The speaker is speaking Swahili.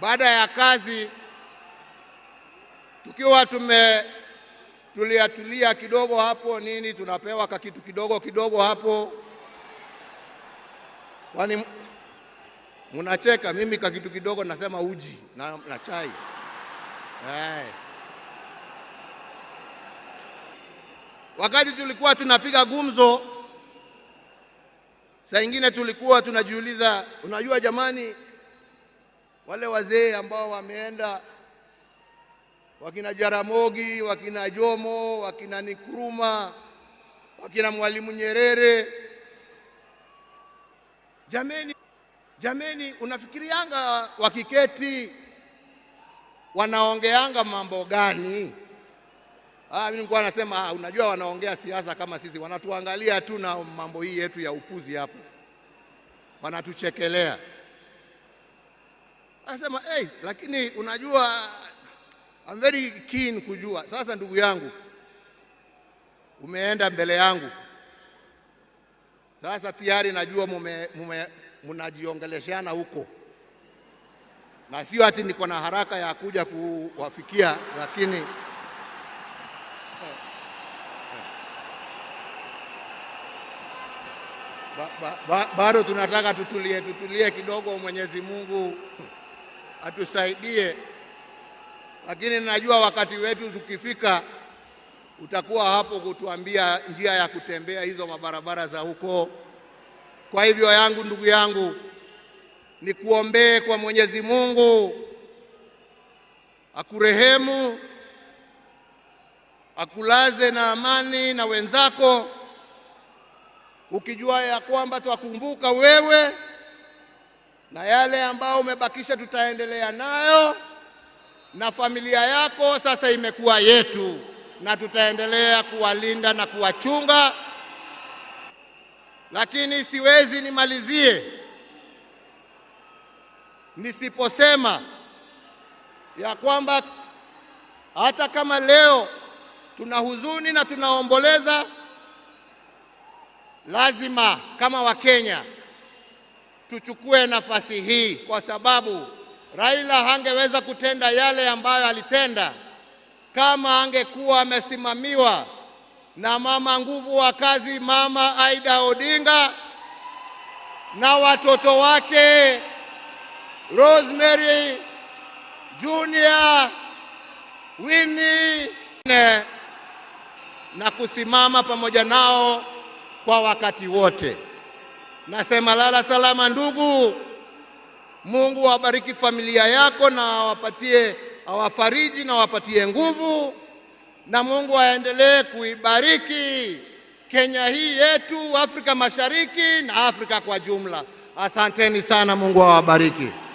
Baada ya kazi tukiwa tume tuliatulia kidogo hapo nini, tunapewa kakitu kidogo kidogo hapo. Kwani mnacheka? Mimi kakitu kidogo nasema uji na, na chai hey. Wakati tulikuwa tunapiga gumzo, saa ingine tulikuwa tunajiuliza, unajua jamani wale wazee ambao wameenda wakina Jaramogi, wakina Jomo, wakina nikuruma wakina Mwalimu Nyerere. Jameni, jameni, unafikirianga wakiketi wanaongeanga mambo gani? Ah, mimi nilikuwa nasema ah, unajua, wanaongea siasa kama sisi, wanatuangalia tu na mambo hii yetu ya upuzi hapo wanatuchekelea. Anasema hey, lakini unajua I'm very keen kujua. Sasa ndugu yangu, umeenda mbele yangu, sasa tayari najua mnajiongeleshana huko, na sio ati niko na haraka ya kuja kuwafikia, lakini bado ba, ba, tunataka tutulie, tutulie kidogo. Mwenyezi Mungu atusaidie, lakini najua wakati wetu tukifika utakuwa hapo kutuambia njia ya kutembea hizo mabarabara za huko. Kwa hivyo yangu, ndugu yangu, nikuombee kwa Mwenyezi Mungu akurehemu, akulaze na amani na wenzako, ukijua ya kwamba twakumbuka wewe na yale ambayo umebakisha tutaendelea nayo, na familia yako sasa imekuwa yetu, na tutaendelea kuwalinda na kuwachunga. Lakini siwezi nimalizie nisiposema ya kwamba hata kama leo tuna huzuni na tunaomboleza, lazima kama Wakenya tuchukue nafasi hii, kwa sababu Raila hangeweza kutenda yale ambayo alitenda kama angekuwa amesimamiwa na mama nguvu wa kazi, mama Aida Odinga na watoto wake Rosemary Junior, Winnie na kusimama pamoja nao kwa wakati wote. Nasema lala salama ndugu. Mungu awabariki familia yako na awapatie, awafariji na awapatie nguvu, na Mungu aendelee kuibariki Kenya hii yetu, Afrika Mashariki na Afrika kwa jumla. Asanteni sana, Mungu awabariki.